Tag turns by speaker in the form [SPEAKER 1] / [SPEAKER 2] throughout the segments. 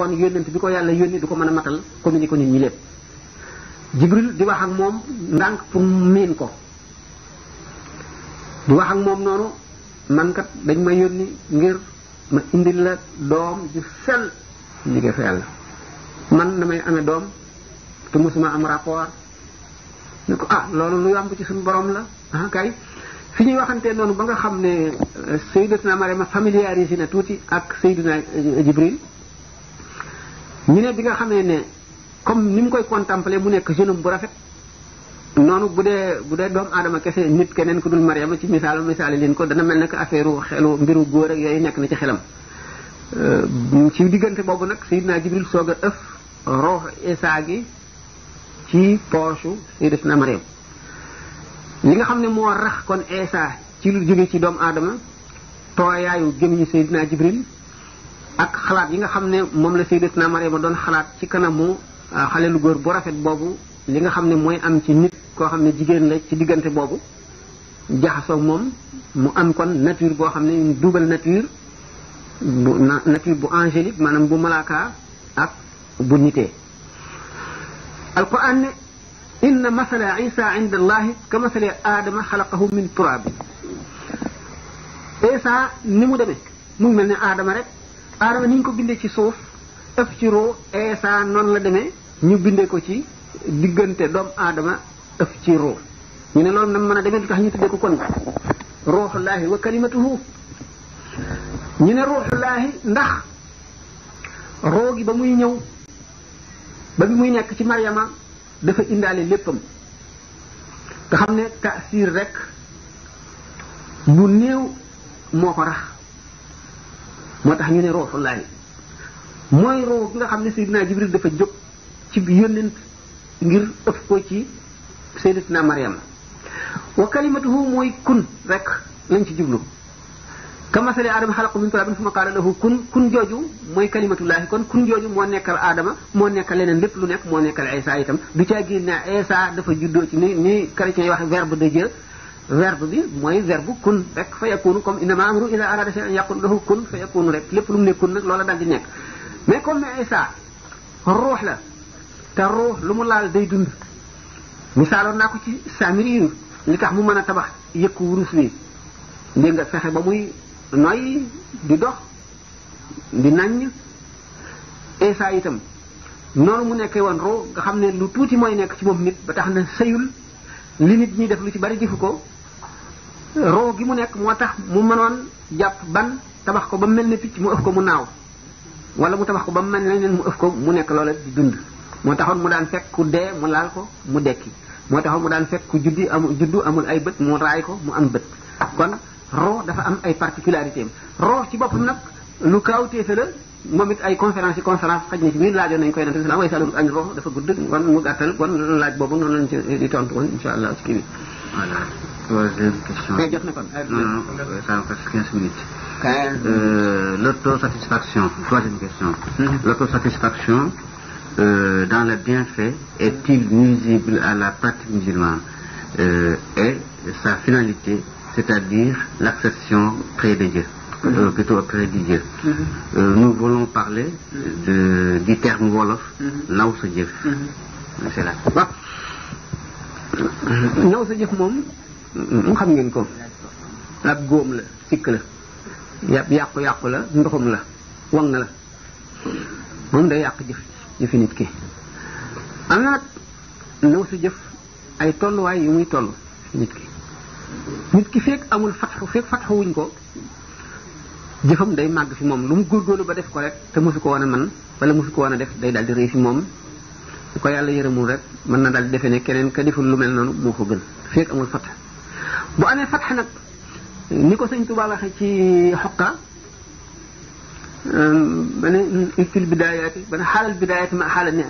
[SPEAKER 1] kon yónnent bi ko yàlla yónni du ko mën a matal ni ko nit ñi lépp jibril di wax ak moom ndànk pour miin ko di wax ak moom noonu mankat kat dañ ma yónni ngir ma indil la doom ju sell liggéey fa yàlla damay amee doom te mosuma am rapport ne ko ah loolu lu yomb ci suñu borom la ah kay fi ñuy waxantee noonu ba nga xam ne eh, Sayyidatuna ma familiarisé na tuuti ak Sayyiduna eh, Jibril ñu ne bi nga xamee ne comme ni mu koy contempler mu nekk jeune bu rafet noonu bu dee bu dee doomu aadama kese nit keneen ku dul Mariama ci misaal misaali leen ko dana mel ne que affaire xelu mbiru góor ak yooyu nekk na ci xelam. Euh, ci diggante boobu nag Seydina Jibril soog a ëf roox Isaa gi ci poche Sayyidatuna Mariam li nga xam ne moo rax kon Isaa ci lu jóge ci doomu aadama tooyaayu gëm ñi Seydina Jibril. ak xalaat yi nga xam ne moom la Sayyidatuna ma doon xalaat ci kanamu ah, xale lu góor bu rafet boobu li nga xam ne mooy am ci nit koo xam ne jigéen la ci diggante boobu jaxasoo moom mu am kon nature boo xam ne une nature bu nature bu angélique maanaam bu malaaka ak bu nitee alquran ne inna masala isa inda ka masale aadama xalaqahu min turab isa ni mu deme mu mel ni aadama rek aadama ni ñu ko bindee ci suuf ëf ci roo eesa noonu la deme ñu bindee ko ci diggante doom aadama ëf ci roo ñu ne loolu na mën a demee lu tax ñu tuddee ko kon ruuxullaahi wa kalimatuhu ñu ne ruuxullaahi ndax roo gi ba muy ñëw ba bi muy nekk ci Maryama dafa indaale léppam nga xam ne taasiir rek lu néew moo ko rax moo tax ñu ne ruuxullaahi mooy ruux gi nga xam ne Seydina Jibril dafa jóg ci yónnent ngir ëpp ko ci Sayyidatina Maryam wa kalimatuhu mooy kun rek lañ ci jublu ka masali aadama xalaqu min turabin summa qaala lahu kun jooju mooy kalimatullaahi kon kun jooju moo nekkal aadama moo nekkal leneen lépp lu nekk moo nekkal Isa itam du ca génne Isa dafa juddoo ci ni ni chrétiens yi wax verbe de verbe bi mooy verbe kun rek fa yakun comme inama amru ila arada shay'an yaqul lahu kun fa yakun rek lépp lu mu nekkun nag loola dal di nek mais comme isa ruh la ta ruh lu mu laal day dund misalon nako ci samiri yu li tax mu meuna tabax yëkku wurus ni dégg nga fexe ba muy noy di dox di nañ isa itam noonu mu nekk won ro nga xamné lu tuti moy nekk ci mom nit ba tax na sëyul li nit ñi def lu ci bari defu ko roo gi mu nekk moo tax mu mënoon jàpp ban tabax ko ba mel ne picc mu ëf ko mu naaw wala mu tabax ko ba mel ne leneen mu ëf ko mu nekk loola di dund moo taxoon mu daan fekk ku dee mu laal ko mu dekki moo taxoon mu daan fekk ku juddi amul amul ay bët mu raay ko mu am bët kon roo dafa am ay particularités am roo ci boppam nag lu kaawteefe la moom it ay conférence yi conférence xaj na ci biir laajoon nañu koy nante islam way salum añ roo dafa gudd kon mu gàttal kon laaj boobu noonu lañ ci di tontu woon allah ci kii troisième question. Non, non, non. Euh, fait quinze minutes. quinze euh, minutes. l'autosatisfaction troisième question. Mhm. l'autosatisfaction euh, dans le bienfait est-il nuisible à la pratique musulmane euh, et sa finalité, c'est-à-dire l'accession près de Dieu, plutôt auprès de Dieu. Mhm. Euh, mhm. nous voulons parler de, du terme wolof, naw sa Dieu. c'est là. naw sa jëf xam ngeen ko ab góom la sikk la yàpp yàqu-yàqu la ndoxum la waŋ na la moom day yàq jëf jëfi nit ki am na nag naw su jëf ay tolluwaay yu muy toll nit ki nit ki fekk amul fatxu fekk fatxu wuñ ko jëfam day màgg fi moom lu mu góorgóorlu ba def ko rek te mosu ko woon a man wala mosu ko woon a def day dal di réy fi moom ko yàlla yërëmul rek mën na daal di defee ne keneen ka deful lu mel noonu moo ko gën fekk amul fat bu amee fatx nag ni ko sëñ tuba waxe ci xoqa bane fil bidayati bane xaalal bidayati ma xaala ne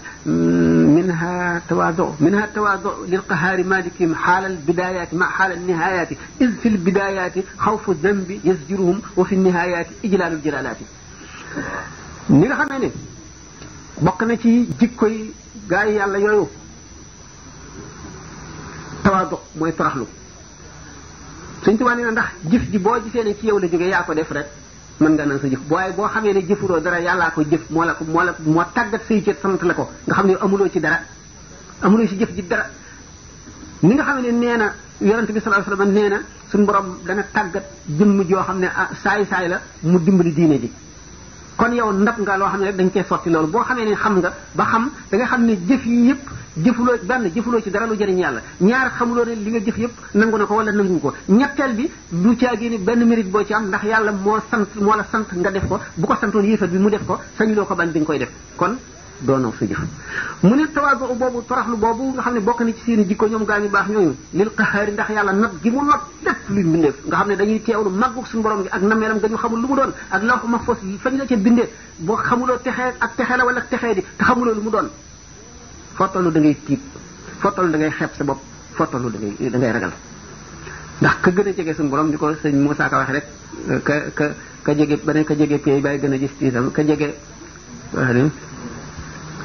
[SPEAKER 1] منها تواضع منها التواضع للقهار مالك حال البدايات مع حال النهايات إذ في البدايات خوف الذنب يزجرهم وفي النهايات إجلال الجلالات نيغا خامني bokk na ci jikkoy gaay yàlla yooyu tawaadu mooy toroxlu suñ tubaab nee na ndax jëf ji boo gisee ne ci yow la jógee yaa ko def rek mën nga naan sa jëf waaye boo xamee ne jëfuloo dara yàllaa ko jëf moo la ko moo la moo tàggat say cër sant la ko nga xam ne amuloo ci dara amuloo ci jëf ji dara ni nga xam ne nee na yonent bi sallallahu alayhi wasallam nee na suñu borom dana tàggat jëmm joo xam ne ah saay saay la mu dimbali diine ji kon yow ndab nga loo xam ne rek dañ cee sotti loolu boo xamee ne xam nga ba xam da nga xam ne jëf yi yëpp jëfuloo benn jëfuloo ci dara lu jëriñ yàlla ñaar xamuloo ne li nga jëf yëpp nangu na ko wala nangu ko ñetteel bi du caagéeni benn mérite boo ci am ndax yàlla moo sant moo la sant nga def ko bu ko santoon yéefat bi mu def ko sañ loo ko bañ bi koy def kon doono su jëf mu ne tawaadu boobu toraxlu boobu nga xam ne bokk na ci seen jikko ñoom gaa ñu baax ñooñu lil qahaari ndax yàlla not gi mu not lépp luy bindeef nga xam ne dañuy teewlu màggug suñu borom gi ak nameelam nga ñu xamul lu mu doon ak lawx mahfuz fañ a ca bindee boo xamuloo texee ak texee la wala texee di te xamuloo lu mu doon foo toll da ngay tiit foo toll sa bopp foo toll da ngay da ragal ndax ka gën a jege suñu borom ni ko sëñ Moussa Ka waxee rek ka ka jege ba ne ka jege pay bay gën a gis tiitam ka jege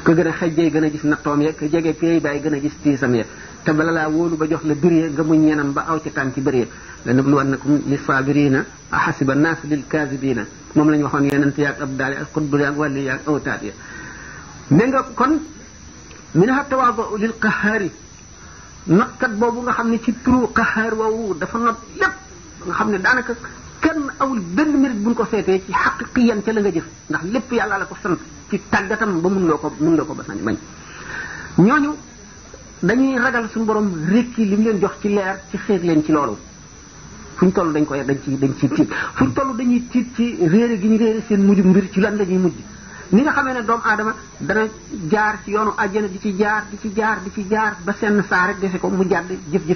[SPEAKER 1] ka gën a gën a gis nattoom ya ka jege pay bay gën a gis tiisam ya te bala laa wóolu ba jox la durée nga muñ ñenam ba aw ci tànn ci bëri lanabluwannakum bis-saabiriina ahasiba naasu lil-kaasibiina moom la ñu waxoon yeneen yaag ab daal ak xutbu yaag wàllu yaag awtaat ya ne nga kon minha tawaadu lil qahaari notkat boobu nga xam ne ci turu qahaar woowu dafa not lépp nga xam ne daanaka kenn awul benn mérite buñ ko seetee ci xaqiqiyan ca la nga jëf ndax lépp yàlla la ko sant ci tàggatam ba mun loo ko mun loo ko basañ bañ ñooñu dañuy ragal suñu borom rékki li mu leen jox ci leer ci xéer leen ci loolu fu ñu toll dañ koy dañ ci dañ ciy tiit fu ñu toll dañuy tiit ci réere gi ñu réere seen mujj mbir ci lan la ñuy mujj ni nga xamee ne doomu aadama dana jaar ci yoonu àjjana di ci jaar di ci jaar di ci jaar ba senn saa rek defe ko mu jàdd jëf-jëf